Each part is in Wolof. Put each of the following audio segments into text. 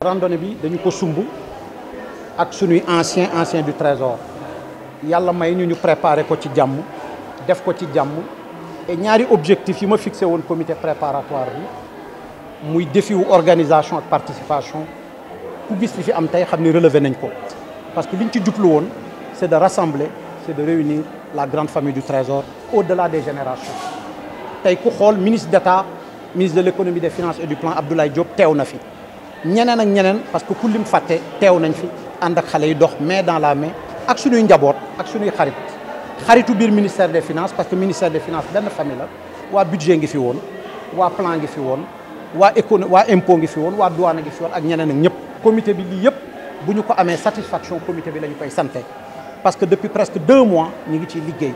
randonnée bi dañu ko sumb ak suñuy ancien ancien du trésor yàlla may ñu ñu préparer ko ci jàmm def ko ci jàmm e ñaari objectif yi ma fixé woon comité préparatoire bi muy défi wu organisation ak participation ku gis li fi am tey xam ni relever nañ ko parce que li ñu ci jublu woon c'est de rassembler c'est de réunir la grande famille du trésor au-delà des générations tey ku xool ministre d'État ministre de l'économie des finances et du plan Abdoulaye Diop teew na fi ñeneen ak ñeneen parce que ku lim fàtte teew nañ fi ànd ak xale yi dox mais dans la main ak suñuy njaboot ak suñuy xarit xaritu biir ministère de finance parce que ministère de finances benn famille la waa budget ngi fi woon waa plan ngi fi woon waa écono waa impôt ngi fi woon waa douane ngi fi woon ak ñeneen ak ñëpp comité bi lii yëpp bu ñu ko amee satisfaction comité bi la koy santé parce que depuis presque deux mois ñu ngi ciy liggéey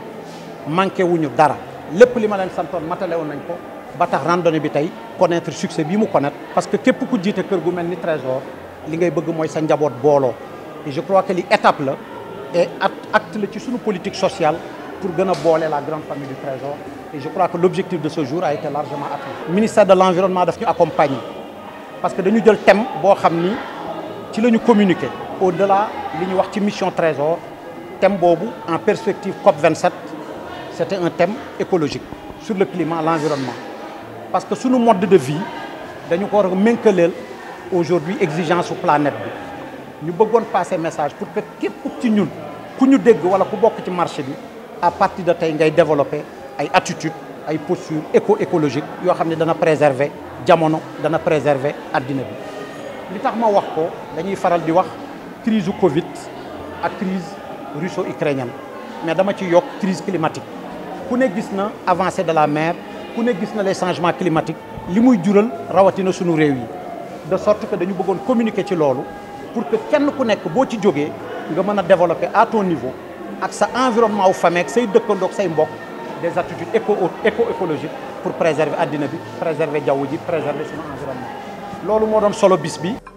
manqué wuñu dara lépp li ma leen santoon matale woon nañ ko ba tax randonnée bi tey connaître succès bi mu connaître parce que képp ku jiite kër gu mel ni trésor li ngay bëgg mooy sa njaboot booloo je crois que li étape la et acte la ci suñu politique sociale pour gën a boole la grande famille du trésor je crois que l'objectif de ce jour a été largement atteint ministère de l'environnement daf ñu accompagner parce que dañu jël thème boo xam ni ci la ñu communiquer au delà li ñu wax ci mission trésor thème boobu en perspective COP 27 c'était un thème écologique sur le climat l'environnement parce que suñu mode de vie dañu ko war a ménkaleel aujourd'hui exigence su planète bi ñu bëggoon passer message pour que képp ci ñun ku ñu dégg wala ku bokk ci marché bi à partir de tey ngay développer ay attitude ay posture éco écologique yoo xam ne dana préserver jamono dana préserver addina bi li tax ma wax ko dañuy faral di wax crise Covid ak crise russo-ukrainienne mais dama ci yokk crise climatique ku ne gis na avancée de la mer ku ne gis na les changement climatiques li muy jural rawatina suñu réew yi de sorte que dañu bëggoon communiquer ci loolu pour que kenn ku nekk boo ci jógee nga mën a développer à niveau ak sa environnement wu famille ak say dëkkandoog say mbokk des attitudes éco éco écologiques pour préserver addina bi préserver jaww ji préserver suñu environnement loolu moo doon solo bis bi